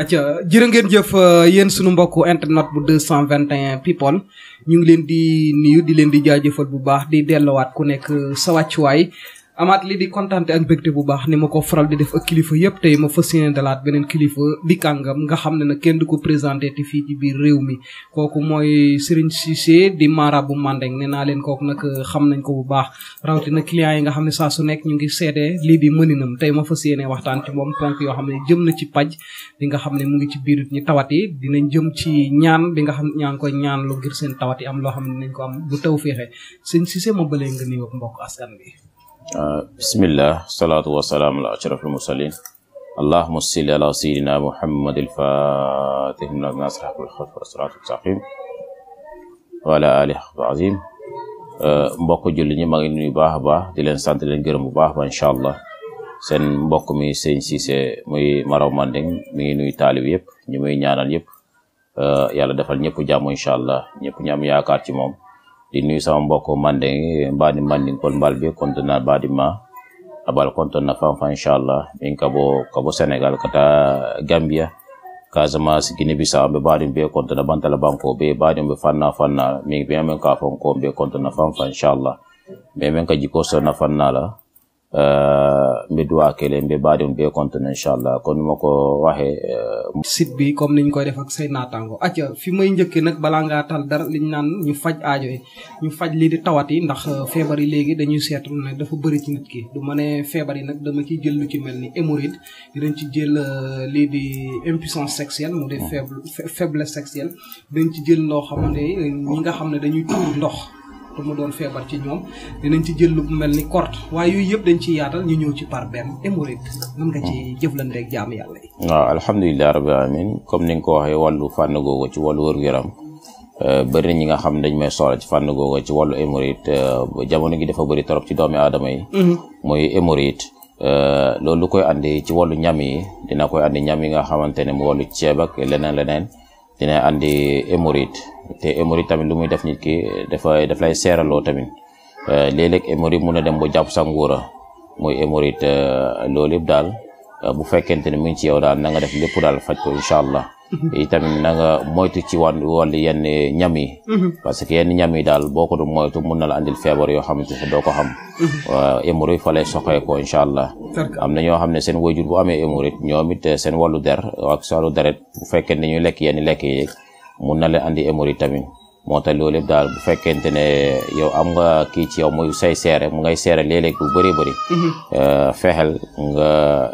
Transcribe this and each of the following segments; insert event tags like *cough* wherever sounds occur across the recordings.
acca jërë ngeen jëf euh, yéen sunu mbokku internet bu 221 people ñu ngi leen di nuyu di leen di jaajëfal bu baax di dellowaat ku nekk sa wàccuwaay amaat lii di kontaante ak mbégte bu baax ni ma ko faral di def ak kilifa yëpp tey ma fas yéene dalaat beneen kilifa di kàngam nga xam ne nag kenn du ko présenté ti fii ci biir réew mi kooku mooy Serigne Cissé di marabu Mandeng nee naa leen kooku nag euh, xam nañ ko bu baax na clients yi nga xam ne saa su nekk ñu ngi seetee lii di mëninam tey ma fas yéene waxtaan ci moom ponk yoo xam ne jëm na ci paj li nga xam ne mu ngi ci biir ñu tawat yi dinañ jëm ci ñaan bi nga xam ñaa ngi koy ñaan lu ngir tawat yi am loo xam ne ko am bu taw féexee Serigne Cissé ma bëlee nga nuyoo mbokk askan bi Ah, bismillah salaatu wasalaamu ala ashraf almursalin allahuma salli ala sayidina muhammad alfatih mina nasrah bilxalf wasalaatu mustaqim wa ala alihi xab azim ah, mbokk julli ñi maa ngi nuyu baax a baax di leen sant leen gërëm bu baax ba incha allah seen mbokk mi sëñ Cissé muy Maraw Manding mi ngi nuyu taalib yëpp ñu muy ñaanal yëpp ah, yàlla defal ñëpp jàmm incha allah ñëpp ñu am yaakaar ci moom di nuyu sama mbokk mandeng mbadi mandingkol mbal be kontona badi ma abal kontona fanfa inchallah min kabo sénégal kata gambia casamance guinée bissau ɓe baɗum be kontona bantala bankoɓe fanna fanna min ɓe amen ka fon ko ɓe kontona fanfa inchallah mais min ka jiko sona fannala Euh, mbi duwaa kele mbi baadiŋ bee kontine incha allah kon nu ma ko waxee euh, site bi comme niñ koy def ak say naataango acca fi may njëkkee nag balaa ngaa tal dara liñ naan ñu faj aajo yi ñu faj lii di tawat yi ndax euh, feebar yi léegi dañuy seetlu ne dafa bëri ci nit ki du ma ne feebar yi nag dama ciy jël lu ci mel ni hémorroïde dinañ ci jël lii di impuissance sexuelle mu dee mm. faible faiblesse sexuelle ci jël loo xamante ñi nga xam ne dañuy tuur ndox te mu doon feebar ci ñoom dinañ ci jël lu mel ni kort waaye yooyu yëpp dañ ci yaatal ñu ñëw ci par benn hémorroïde mën nga ci jëflanteeg jaamu yàlla yi. waaw alhamdulilah rabbil alamin comme ni nga ko waxee wàllu fànn googu ci wàllu wër-gu-yaram euh, bëri ñi nga xam dañ may soxla ci fànn googu ci wàllu hémorroïde euh, jamono gi dafa bari torop ci doomi aadama yi. mooy mm-hmm. hémorroïde. Euh, loolu lu koy andi ci wàllu ñam yi dina koy andi ñam yi nga xamante ne moo wàllu ceeb ak leneen leneen. dina andi hémorroïde te hémorroïde tamit lu muy def nit ki dafay daf lay seeraloo tamit euh, léeg-léeg hémorroïde mun a dem ba jàpp sa nguura muy hémorroïde euh, loolu yëpp daal euh, bu fekkente ne mu ci yow daal na nga def lépp daal faj ko incha allah. Mhm. itamit na nga moytu ci wàn wàllu yenn ñam yi mhm. parce que yenn ñam yi daal boo ko du moytu mun na la andil feebar yoo xamante ne doo ko xam mhm. hémorroïde fa lay soxee ko incha allah am na ñoo xam ne seen wayjur bu amee hémorroïde ñoom it seen wàllu der ak seen wàllu deret bu fekkee ni ñuy lekk yenn lekk yi mun na la andi hémorroïde tamit moo tax loolu daal bu fekkente ne yow am nga kii ci yow muy say seere mu ngay seere léeg-léeg bu bëri bëri mhm. euh, fexeel nga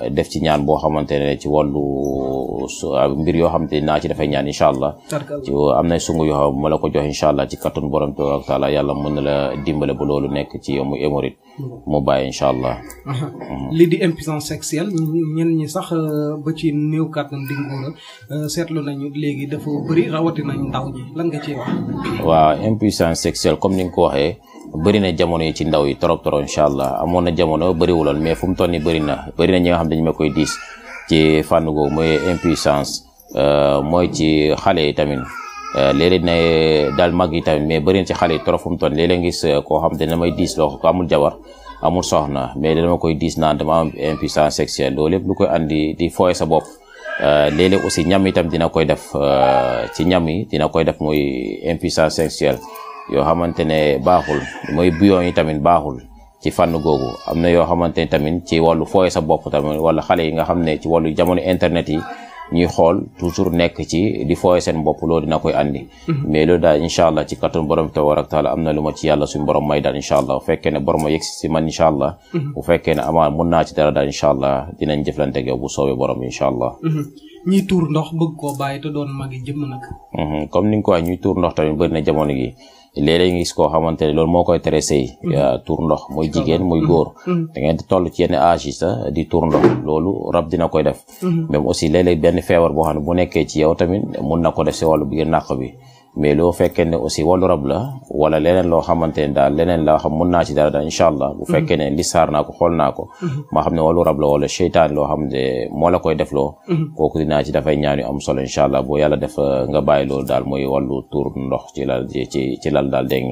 def ci ñaan boo xamante ne ci wàllu euh, mbir yoo xamante naa ci dafay ñaan incha allah ci am na sungu yoo xam ma la ko jox incha allah ci kattan borom toog ak taala yàlla mën na la dimbale ba loolu nekk ci yow muy émorite mu bàyyi incha allah mhm. lii di impuissance sexuelle ñen ñi sax euh, ba ci néew kattan dingu la seetlu nañu léegi dafa bëri rawatina waaw impuissance sexuelle comme ni nga ko waxee bëri na jamono yi ci ndaw yi trop trop incha allah amoon na jamono bëriwuloon mais fu mu toll nii bëri na bëri na ñi nga dañu ma koy diis ci fànn googu mooy impuissance euh, mooy ci xale yi tamit euh, léeg-léeg daal mag yi tamit mais bëri ci xale yi trop fu mu toll léeg-léeg ngis euh, xam te ne damay diis loo amul jabar amul soxna mais dama koy diis naan dama am impuissance sexuelle loolu lépp lu koy andi di fooye sa bopp. léeg-léeg euh, aussi ñam itam dina koy def euh, ci ñam yi dina koy def mooy impuissance sexuelle yoo xamante ne baaxul mooy bouillon yi tamit baaxul ci fànn googu am na yoo xamante ne tamit ci wàllu fooye sa bopp tamit wala xale yi nga xam ne ci wàllu jamono internet yi ñuy xool toujours nekk ci di fooye seen bopp loolu dina koy andi mhm. mais loolu daal incha allah ci kattan borom tabarak taala am na lu ma ci yàlla suñu borom may daal incha allah fekkee ne borom a yegsi allah mhm. bu fekkee ne amaa mun naa ci dara daal incha allah dinañ jëflante bu soobee borom incha allah mhm. ñuy tuur ndox bëgg koo bàyyi te doon magi jëmm nag comme ni nga ko waxee ñuy tuur ndox tamit bëri na jamono gi léeg-léeg nga gis koo xamante ne loolu moo koy tere sëy mm-hmm. tuur ndox muy jigéen muy góor mm-hmm. Mm-hmm. da ngeen di toll ci yenn âge di tuur ndox loolu rab dina koy def même aussi léeg benn feebar boo xam ne bu nekkee ci yow tamit mun na ko def si wàllu biir nàq bi mais loo fekkee ne aussi wàllu rab la wala leneen loo xamante ne daal leneen laa xam mun naa ci daal incha allah bu fekkee ne listaar naa ko xool naa ko maa xam ne wàllu rab la wala seytaan loo xam ne moo la koy def loo kooku dinaa ci dafay ñaan yu am solo incha allah boo yàlla def euh, nga bàyyi loolu daal mooy wàllu tuur ndox ci laal ci ci lal daal dégg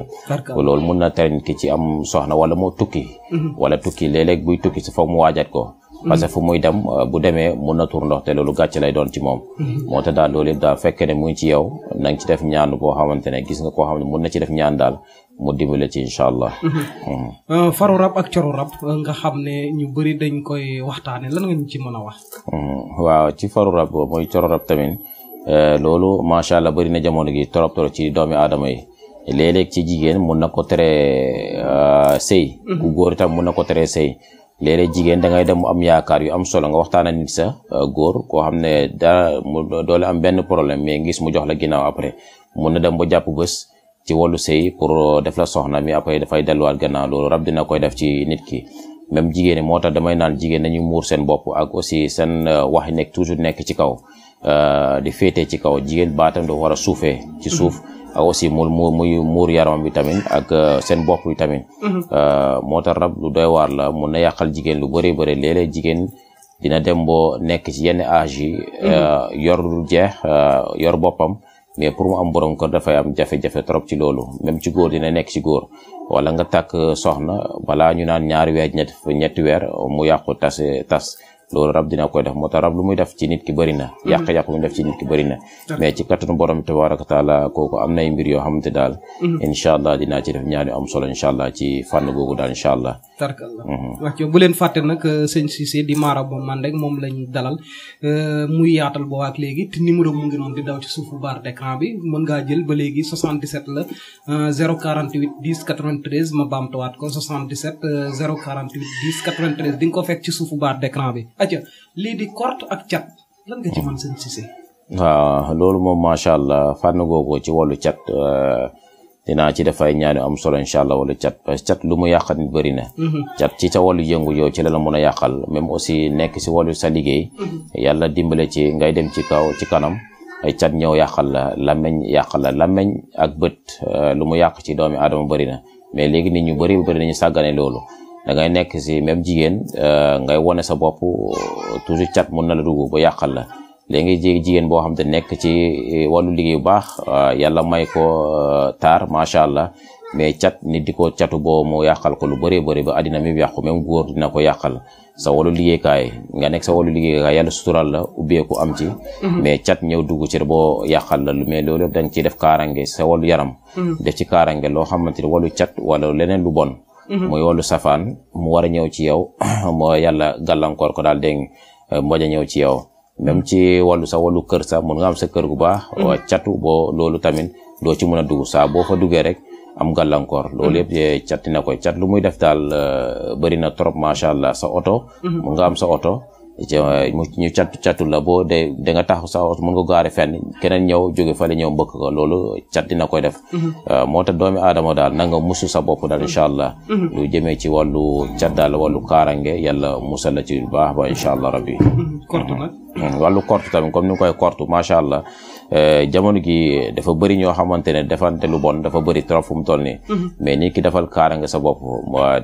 nga loolu mun na tere nit ci am soxna wala moo tukki mhm. wala tukki léeg-léeg buy tukki si foog mu waajaat ko Mm-hmm. parce que fu muy dem euh, bu demee mun na tuur ndox te loolu gàcce lay doon ci moom mm-hmm. moo tax daal loolu daal fekkee ne mu ngi ci yow na ci def ñaan boo xamante ne gis nga ko xam ne mun na ci def ñaan daal mu dimbale ci incha allah mm-hmm. Euh, faru rab ak coru euh, nga xam ne ñu bëri dañ koy waxtaane lan nga ci mën a wax waaw ci faru rab mooy coru rab tamit loolu macha allah bëri na jamono gi torop torop ci doomi aadama yi léeg-léeg ci jigéen mun na ko tere sëy ku góor itam mun na ko tere sëy léeg jigéen da ngay dem mu am yaakaar yu am solo nga waxtaan a nit sa euh, góor koo xam ne daa mu doole am benn problème mais ngis mu jox la ginnaaw après mun na dem ba jàpp bës ci wàllu sëy pour euh, def la soxna mi après dafay delluwaat gannaaw loolu rab dina koy def ci nit ki même jigéen ñi moo tax damay naan jigéen ñu muur seen bopp ak aussi seen euh, wax nekk toujours nekk ci kaw di féete ci kaw jigéen baatam dafa war a suufee ci suuf. ak aussi mu muy muur yaram bi tamit ak euh, seen bopp bi tamit mhm. euh, moo tax rab lu doy waar la mun na yàqal jigéen lu bëri bëri léeg jigéen dina dem boo nekk ci yenn âge yi mhm. euh, yor lu jeex yor boppam mais pour mu am borom kër dafay am jafe-jafe trop ci loolu même ci góor dina nekk ci góor wala nga takk soxna balaa ñu naan ñaari weer ñetti weer mu yàqu tas tas loolu rab dina koy def moo tax rab lu muy def ci nit ki bëri na mhm. yàq-yàq muy def ci nit ki bëri na mais ci kattanu borom bi tabaraka taala kooku am nay mbir yoo xamante daal mhm. incha allah dinaa ci def ñaari am solo incha allah ci fànn daal incha allah mhm. bu leen fàtte nag euh, sëñ Cissé di maara bo man rek moom lañ dalal euh, muy yaatal boo ak léegi numéro mu ngi di daw ci suufu barre d'écran bi mën ngaa jël ba léegi 77 la 048 10 93 ma baamtuwaat ko 77 048 10 93 di nga ko fekk ci suufu barre d'écran bi aja lii di korte ak cat lan loolu moom macha allah fànn googu ci wàllu cat euh, dinaa ci def ay ñaan am solo incha allah wala cat parce que cat lu mu yàqal nit bëri na. Mhm. cat ci sa wàllu jëngu yow ci la la mën a yàqal même aussi nekk si wàllu sa liggéey. Mhm. yàlla dimbale ci ngay dem ci kaw ci kanam. ay cat ñëw yàqal la làmmeñ yàqal la làmmeñ ak bët euh, lu mu yàq ci doomi aadama bëri na mais léegi nit ñu bëri bëri nañu sàggane loolu. da ngay nekk si même jigéen euh, ngay wone sa bopp toujours cat mun na la dugg ba yàqal la léegi jigéen boo xam te nekk ci euh, wàllu liggéey bu baax euh, yàlla may ko taar macha allah mais cat nit di ko catu boo moo yàqal ko lu bëree bëri ba àddina mi yàqu même góor dina ko yàqal sa wàllu liggéeykaay nga nekk sa wàllu liggéeykaay yàlla sutural la u ubbeeku am ci. Mm-hmm. mais cat ñëw dugg ci boo yàqal la lu mais loolu yëpp da ciy def kaarange sa wàllu yaram. Mm-hmm. def ci kaarange loo xamante ni wàllu cat wala leneen lu bon. muy mm-hmm. wàllu safaan mu war a ñëw ci yow *clears throat* moo yàlla gàllankoor ko daal dégg mboj a ñëw ci yow même ci wàllu sa wàllu kër sa mun nga am sa kër gu baax mm-hmm. catu boo loolu tamit doo ci mën a dugg saa boo fa duggee rek am gàllankoor mm-hmm. loolu yëpp cati na koy cat lu muy def daal euh, bëri na trop macha allah sa oto mun nga am sa oto ñu cat catul la boo de da nga taxu sa mën nga gaare fenn keneen ñëw jóge fale ñëw mbëkk ko loolu cat dina koy def mm-hmm. uh, moo tax doomi aadama daal na nga musu sa bopp daal incha allah mm-hmm. lu jëmee ci wàllu cat daal wàllu kaarange yàlla musal ci lu baax ba incha allah rabbi mm-hmm. Hmm, wàllu kortu tamit comme ni nga koy kortu macha allah eh, jamono gi dafa bëri ñoo xamante ne defante lu bon dafa bëri trop fu mu mm-hmm. mais nit ki defal kaara nga sa bopp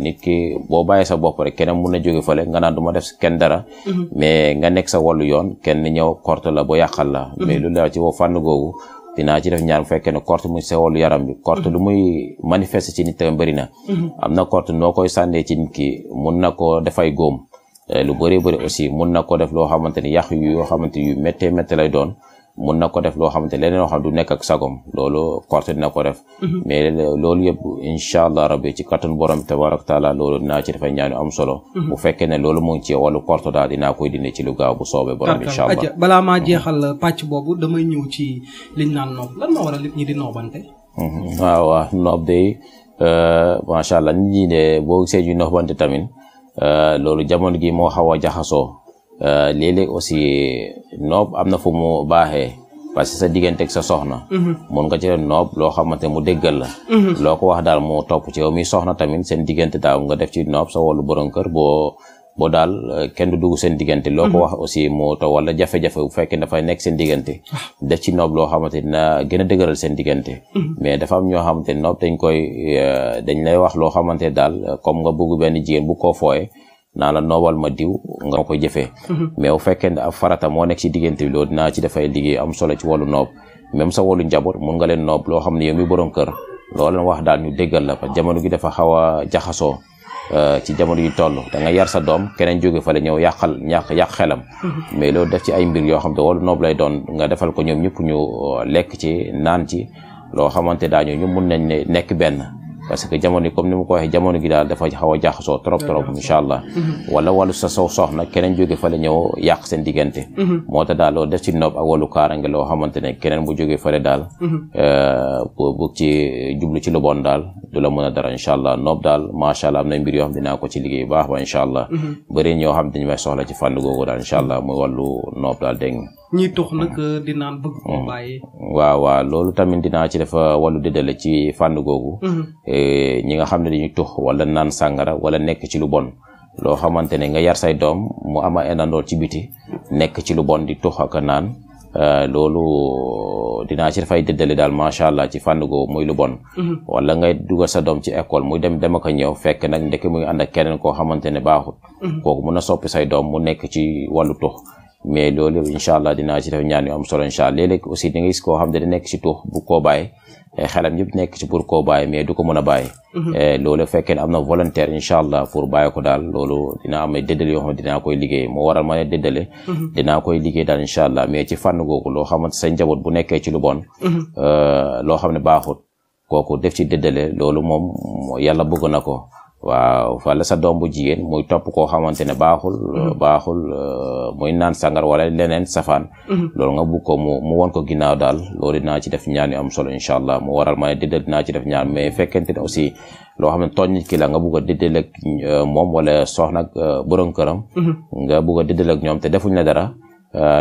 nit ki boo bàyyee sa bopp rek keneen mun na jóge fële nga naan du ma def kenn dara. Mm-hmm. mais nga nekk sa wallu yoon kenn ñëw kortu la ba yàqal la. Mm-hmm. mais lu la ci woo fànn googu. dinaa ci def ñaar mu fekkee ne korte muy sewalu yaram bi korte lu muy manifester ci nit tamit bëri na am na korte noo koy sànnee ci nit ki mun na ko dafay góom Eh, lu bëree bëri aussi mun na ko def loo xamante ni yàq yu yoo xamante yu méttee méttee lay doon mun na ko def loo xamante ne loo xam du nekk ak sagom loolu korte dina ko def mhm. mais loolu yëpp incha allah rabbi ci kattan borom tabarak taala loolu dinaa ci dafay ñaanu am solo mhm. bu fekkee ne loolu mu ngi wàllu korte daal dinaa koy dindi ci lu gaaw bu soobee borom incha allah balaa maa mhm. jeexal euh, pàcc boobu damay ñëw ci liñ naan noob lan moo waral nit ñi di noobante waaw waaw noob day euh, macha allah nit ñi de boo gisee noobante tamit Euh, loolu jamono gi moo xaw jaxasoo euh, léeg-léeg aussi noob am na fu mu baaxee parce que sa digganteeg sa soxna. Mhm. mun nga ci leen noob loo xamante mu déggal la. Mhm. loo ko wax daal mu topp ci yow soxna tamit seen diggante daaw nga def ci noob sa wàllu borom kër boo. ba daal euh, kenn du dugg seen diggante. loo ko mhm. wax aussi moo tax wala jafe-jafe bu fekkee dafay nekk seen diggante. Ah. def ci noob loo xamante dina gën a dëgëral seen diggante. Mhm. mais dafa am ñoo xamante noob dañ koy euh, dañ lay wax loo xamante daal euh, comme nga bëgg benn jigéen bu ko fooye naa la noobal ma diw nga koy jëfee. Mhm. mais bu fekkee ne ab farata moo nekk ci diggante bi loolu dinaa ci dafay liggéey am solo ci wàllu noob sa wàllu njaboot mun nga leen noob loo xam ne yow mi borom kër loo leen wax daal ñu déggal la parce que jamono gi dafa xaw a jaxasoo. Euh, ci jamono yu toll da nga yar doom keneen jóge fale ñëw yàqal ñàq yàq xelam mhm. mais loolu def ci ay mbir yoo xam te wala noob lay doon nga defal ko ñoom ñëpp ñu euh, lekk ci naan ci loo xamante daañu ñu mun nañ ne nekk benn parce que jamono yi comme ni mu ko waxee jamono gi daal dafa xaw a jaaxasoo trop trop incha allah mhm. wala soxna keneen jóge fale ñëw yàq seen diggante mhm. moo tax daal loolu def ci nopp ak wàllu kaarange loo xamante ne keneen bu jóge fale daal mhm. euh, bu bu ci jublu ci lu bon daal du la mën a dara incha allah nopp daal macha allah am na mbir yoo xam dinaa ko ci liggéey baax ba incha allah bëri ñoo xam dañu may soxla ci fànn googu daal incha allah muy wàllu nopp daal dégg nga di naan bëgg ko bàyyi loolu tamit dinaa ci dafa euh, wàllu dédale ci fànn googu euh, Eh, ñi nga xam ne dañuy tux wala naan sàngara wala nekk ci lu bon loo xamante ne nga yar say doom mu a indandool ci biti nekk ci lu bon di tux ak naan eh, loolu dinaa ci dafay dëddale daal macha allah ci fànn googu muy lu bon. Mhm. wala ngay dugal sa doom ci école muy dem dem ak a ñëw fekk nag ndekk muy ànd ak keneen koo xamante ne baaxut. Mhm. kooku mun a soppi say doom ci wàllu tux. mais loolu incha allah dinaa aussi di nga gis koo xam ne da nekk ci tux bu ko Eh, xelam yëpp nekk ci pour koo bàyyi mais du ko mën a bàyyi. Mhm. Eh, loolu fekkee ne am na volontaire incha allah pour bàyyi ko daal loolu dina am ay déddale yoo xam ne dinaa koy liggéey moo waral ma ne déddale. Mhm. dinaa koy liggéey daal incha allah mais ci fànn googu loo xamante sa njaboot bu nekkee ci lu bon. Mhm. Euh, loo xam ne baaxut kooku def ci déddale loolu moom yàlla bëgg na ko. waaw wala sa doom bu jigéen mooy topp koo xamante ne baaxul mm-hmm. baaxul euh, muy naan sangar wala leneen safaan mm-hmm. loolu nga bugg ko mu mu ko ginnaaw daal loolu naa ci def ñaan yu am solo incha allah mu waral ma ne déddal dinaa ci def ñaan mais fekkente ne aussi loo xam ne tooñ nit la nga bugg a déddal euh, moom wala soxna ak euh, borom këram mm-hmm. nga bugg a déddal ak ñoom te defuñ la dara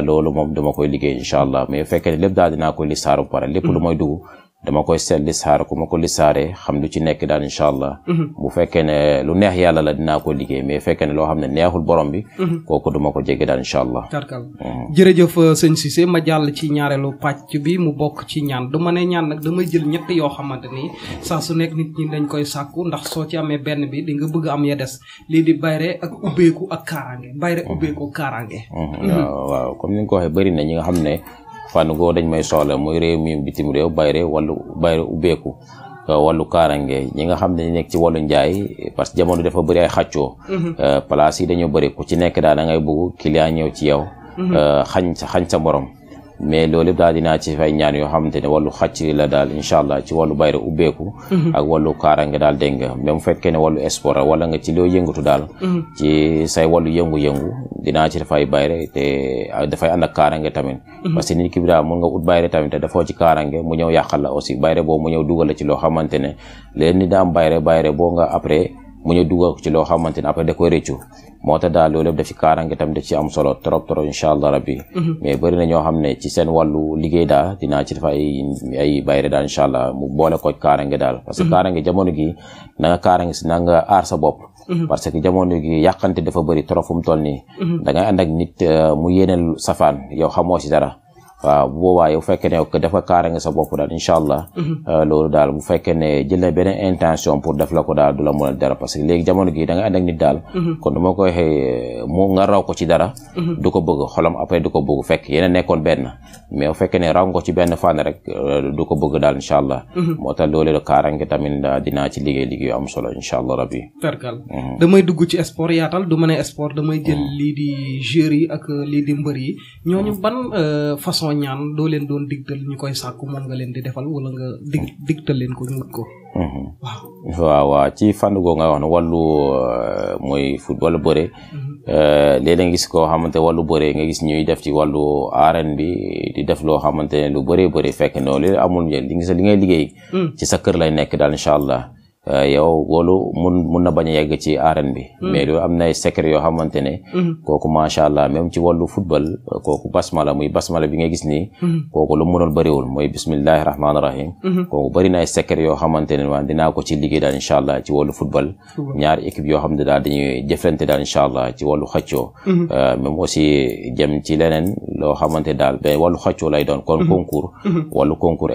loolu moom dama koy liggéey incha allah mais fekkee ne lépp daal dinaa koy li saaru pare lépp lu may dugg dama koy seet lisaar ku ma ko lisaaree xam lu ci nekk daal incha allah. Mhm. bu fekkee ne lu neex yàlla la dinaa ko liggéey mais fekkee ne loo xam ne neexul borom bi. Mhm. kooku duma ko jege daal incha allah. tarkal mhm. jërëjëf euh, sëñ Cissé ma jàll ci ñaareelu pàcc bi mu bokk ci ñaan dama ne ñaan nag dama jël ñett yoo xamante ni saa su nekk nit ñi dañ koy sàkku ndax soo ci amee benn bi di nga bëgg am ya des lii di bayre ak ubbeeku ak kaaraange bayre ubbeeku kaaraange. waaw comme ni nga ko waxee bëri na ñi nga xam ne. fànn goo dañ may soxla muy réew mi bitim réew bayre wàllu bayre ubbeeku euh, wàllu kaarange ñi nga xam ne ñu nekk ci wàllu njaay parce que jamono dafa bëri ay xàccoo mm-hmm. euh, yi dañoo bëri ku ci nekk daal da ngay bëgg client ñëw ci yaw mm-hmm. euh, xañ sa xañ sa morom mais loolu yëpp daal dinaa ci fay ñaan yoo xamante ne wallu xàcc la daal incha allah ci wàllu bayra ubbeeku mhm. ak wàllu kaaraange daal dégg nga mais mu fekkee ne wàllu sport wala nga ci loo yëngatu daal mhm. ci say wàllu yëngu-yëngu dinaa ci dafay bayra te dafay ànd ak kaaraange tamit mhm. parce que nit ki bi daal mun nga ut bayra tamit te dafoo ci kaaraange mu ñëw yàqal la aussi bayra boobu mu ñëw dugal la ci loo xamante ne léegi ni daa am bayra boo nga après mu ñu dugal ko ci loo xamante ne après da koy rëccu moo tax daal loolu yëpp daf ci kaaraange tam daf ci am solo trop trop incha allah rabbi mhm. mais bëri na ñoo xam ne ci seen wàllu liggéey daal dinaa ci def ay ay bayre daal incha allah mu boole ko kaaraange daal parce que mhm. kaaraange jamono gi na nga kaaraange si na nga sa bopp mhm. parce que jamono gi yàqante dafa bëri trop fu mu toll nii da ngay ànd ak nit euh, mu yéeneel safaan yow xamoo si dara waaw bu boobaa yow bu fekkee ne dafa kaara nga sa bopp daal incha allah. Mhm. Euh, loolu daal bu fekkee ne jël na beneen intention pour def la ko daal du la mën a dara parce que da nga ànd ak nit daal. Mhm. kon du ma ko waxee mu nga raw ko ci a mhm. euh, la kaaraange tamit dinaa ci liggéey liggéey yu am solo incha dugg ci sport yaatal du ma ne da damay jël lii di joueurs ak lii di mbër ñooñu ban euh, façon façon ñaan doo leen doon digtal ñu koy sàkku moom nga leen di defal wala nga dig digtal leen ko ñu wut ko. Mhm. waaw. ci fànn googu nga wax ne wàllu euh, mooy football bëre. Mhm. Euh, léeg-léeg nga gis koo xamante wàllu bëre nga gis ñuy def ci wàllu arène bi di def loo xamante ne lu bëree bëri fekk na loolu amul njëriñ li ngay liggéey. Mm. ci sa kër lay nekk daal incha allah. Euh, yow loolu mun mun na bañ a yegg bi. Hmm. mais loolu am nay secret yoo xamante ne. Hmm. kooku macha allah même ci wàllu football kooku basmala muy basmala bi nga gis nii. Hmm. kooku lu mu mënoon bëriwul mooy bismillahi rahmaani rahim. kooku bëri na ay secret yoo xamante ne waaye dinaa ko ci liggéey daal incha allah ci wàllu football. ñaari équipe yoo xam ne daal dañuy jëflante daal incha allah ci wàllu xëccoo. Euh, même aussi jëm ci leneen loo xamante daal mais wàllu xëccoo lay doon. kon concours. wàllu concours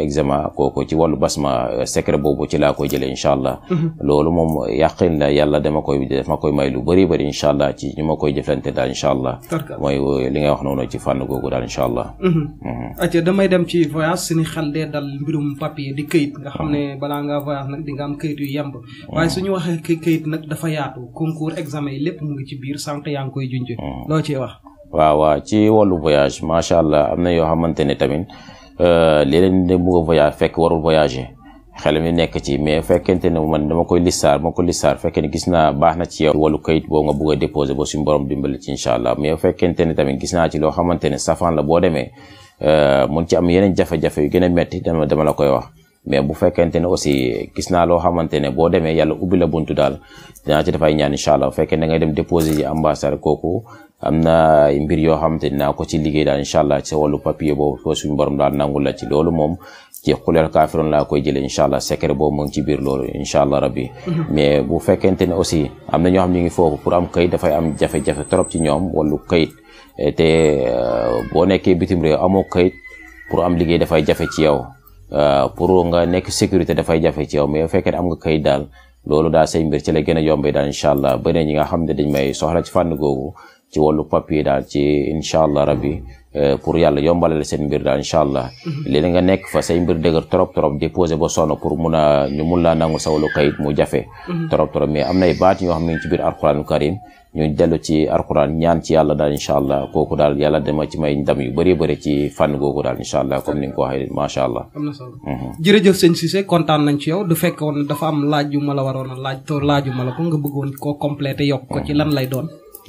ci wàllu basma euh, secret boobu ci laa koy jëlee allah. allah mm-hmm. loolu moom yàqin la yalla dama koy def ma koy may lu bëri bëri incha allah ci ñu ma koy jëflante daal incha allah mooy euh, li nga wax noonu ci fànn googu daal incha allah mm-hmm. mm-hmm. aca dem ci voyage suñu xel dee dal mbirum papier di këyit nga xam ne balaa ngaa voyage nag di nga am këyit yu yemb waaye suñu nag dafa yaatu concours examen yi lépp mu ngi ci biir sànq yaa ngi koy junj loo ciy wax waaw waaw ci wallu voyage macha allah am na yoo xamante ne tamit euh, léeg-léeg bugg a voyage fekk warul voyager xel mi nekk ci mais fekkente ne man dama koy listaar ma ko listaar fekkee ne gis na baax na ci yow wàllu kayit boobu nga bëgg a déposé ba suñu borom dimbali ci incha allah mais fekkente ne tamit gis naa ci loo xamante ne safaan la boo demee euh, mun ci am yeneen jafe-jafe gën a metti dama dama la koy wax mais bu fekkente ne aussi gis naa loo xamante ne boo demee yàlla ubbi la daal dinaa dafay ñaan incha allah bu fekkee da ngay dem déposé yi ambassade kooku na mbir yoo xamante ne naa ko ci liggéey daal incha allah ci sa wàllu papier boobu suñu borom daal nangul la ci loolu moom ci xuleel kaafiroon laa koy jëlee incha allah secret boobu mu ngi ci biir loolu incha allah rabbi mhm. mais bu fekkente ne aussi am na ñoo xam ñu ngi foofu pour am kayit dafay am jafe-jafe ci ñoom wàllu kayit eh, te euh, boo nekkee bitim réew amoo kayit pour am liggéey dafay jafe ci yow euh, pour nga nekk sécurité dafay jafe ci yow mais bu fekkee am nga kayit daal loolu daal say mbir ci la gën a yombee daal incha allah beneen ñi nga xam ne dañ may soxla ci fànn googu ci wàllu papier daal ci incha allah rabbi Euh, pour yàlla yombalal seen mbir daal incha allah mm-hmm. léegi nga nekk fa say mbir dëgër trop trop déposé ba sonn pour mun a ñu mun laa nangu sawalu kayit mu jafe mm-hmm. trop trop mais am nay baat yoo xam ne ci biir alquraan karim ñu dellu ci alquran ñaan ci yàlla daal incha allah kooku daal yàlla dama ci may ndam yu bëree bëri ci fànn googu daal incha allah comme ni ko waxee macha allah. am na solo mm-hmm. jërëjëf sëñ Cissé kontaan nañ ci yow du fekkoon dafa am laaj yu ma la waroon a laaj te laaj yu ma la ko nga bëggoon koo complété yokk ko ci lan lay doon.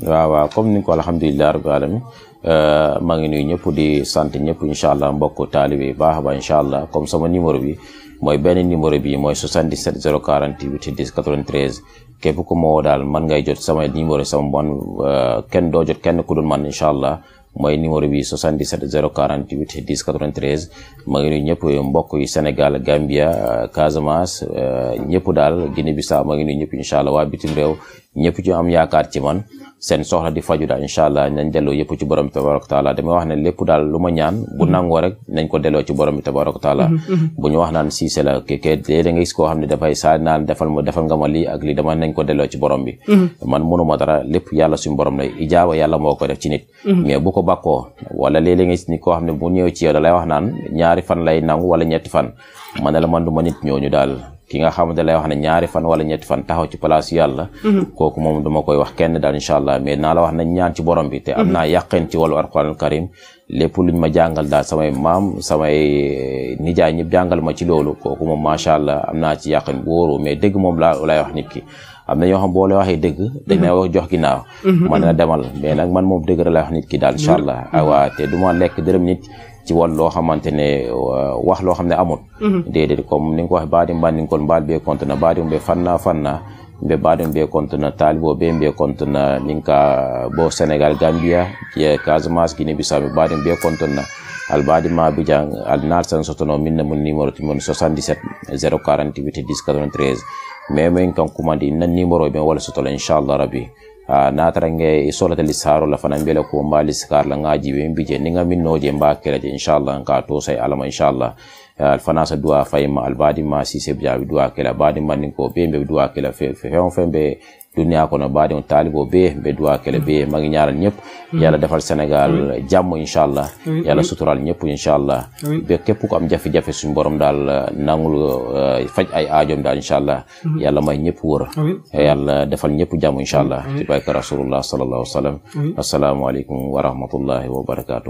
waaw waaw comme ni nga ko alhamdulilah rabbil alamin Euh, maa ngi nuyu ñëpp di sant ñëpp incha allah mbokk taalibe yi baax ba incha allah comme sama numéro bi mooy benn numéro bi mooy 77 048 10 93 képp ku ma woo daal man ngay jot sama numéro sama man kenn doo jot kenn ku dul man incha allah mooy numéro bi 77 048 10 93 ma ngi nuyu ñëpp mbokk yi Sénégal Gambia euh, Casamance euh, ñëpp daal Guinée Bissau ma ngi nuyu ñëpp incha allah waa bitim réew ñëpp ci am yaakaar ci man. seen soxla di faju daal incha allah nañ delloo yëpp ci borom bi tabaraka taala dama wax ne lépp daal lu ma ñaan bu mhm. nangoo rek nañ ko delloo ci borom bi tabaraka taala mhm, mhm. bu wax naan siise keke léeg-léeg nga gis koo xam ne dafay saa naan defal ma defal nga ma lii ak lii dama nañ ko delloo ci borom bi man mënuma dara lépp yàlla suñu borom lay ijaaba yàlla moo ko def ci nit mais bu ko bàkkoo wala léeg-léeg nga gis ni koo xam ne bu ñëwee ci yow da wax naan ñaari fan lay nangu wala ñetti fan man la man du ma nit ñooñu daal ki nga xamante lay wax ne ñaari fan wala ñetti fan tax ci place yàlla mhm. kooku moom dama koy wax kenn daal incha allah mais naa la wax nañ ñaan ci borom bi te am mhm. naa yàqeen ci wàllu alquran karim lépp ma jàngal daal samay maam samay eh, nijaay ñëpp jàngal ma ci loolu kooku moom macha allah am naa ci yàqeen bu wóoru mais dëgg moom la wax nit ki am na ñoo xam boo lay waxee dëgg dañ lay mhm. wax jox naa man na demal mais nag man moom dëgg la lay wax nit ki daal incha allah awaa te duma lekk dërëm nit ci wàll loo xamante ne euh, wax loo xam ne amul mhm. déedéet comme ni ko wax baɗi mbandinkoon mbaal be kontona baɗi mbe fanna fanna mbe baɗum mbe kontona taalibo ɓe mbe kontona ninka bo sénégal gambia e casamance guine bissau mbe baɗum mbe kontonna albaadi ma bijan alnalsan sotono minne mon numéro ti mon 77 048 10 93 mais min kan kumandi nan numéro ɓen walla rabbi na tarange solata lisaro la fanan bela ko mba liskar la ngaji be bije ninga min noje mba kelete inshallah ka to sai alama inshallah alfana sa duwa fayma albadi ma si se bijabi duwa kela badi man ko be be duwa kela fe fe fe be duniya kono baɗi on talibo be ɓe duwa kele be magi ñaran ñëpp mm. yalla defal sénégal mm. jàmm inchallah mm. yalla sutural ñëpp inchallah be képp ko am jafe-jafe suñ borom daal uh, nangul uh, faj ay aajom daal inchallah yalla may ñëpp wër yalla defal ñëpp jàmm inchallah ci barke rasulullah sallallahu alayhi wa sallam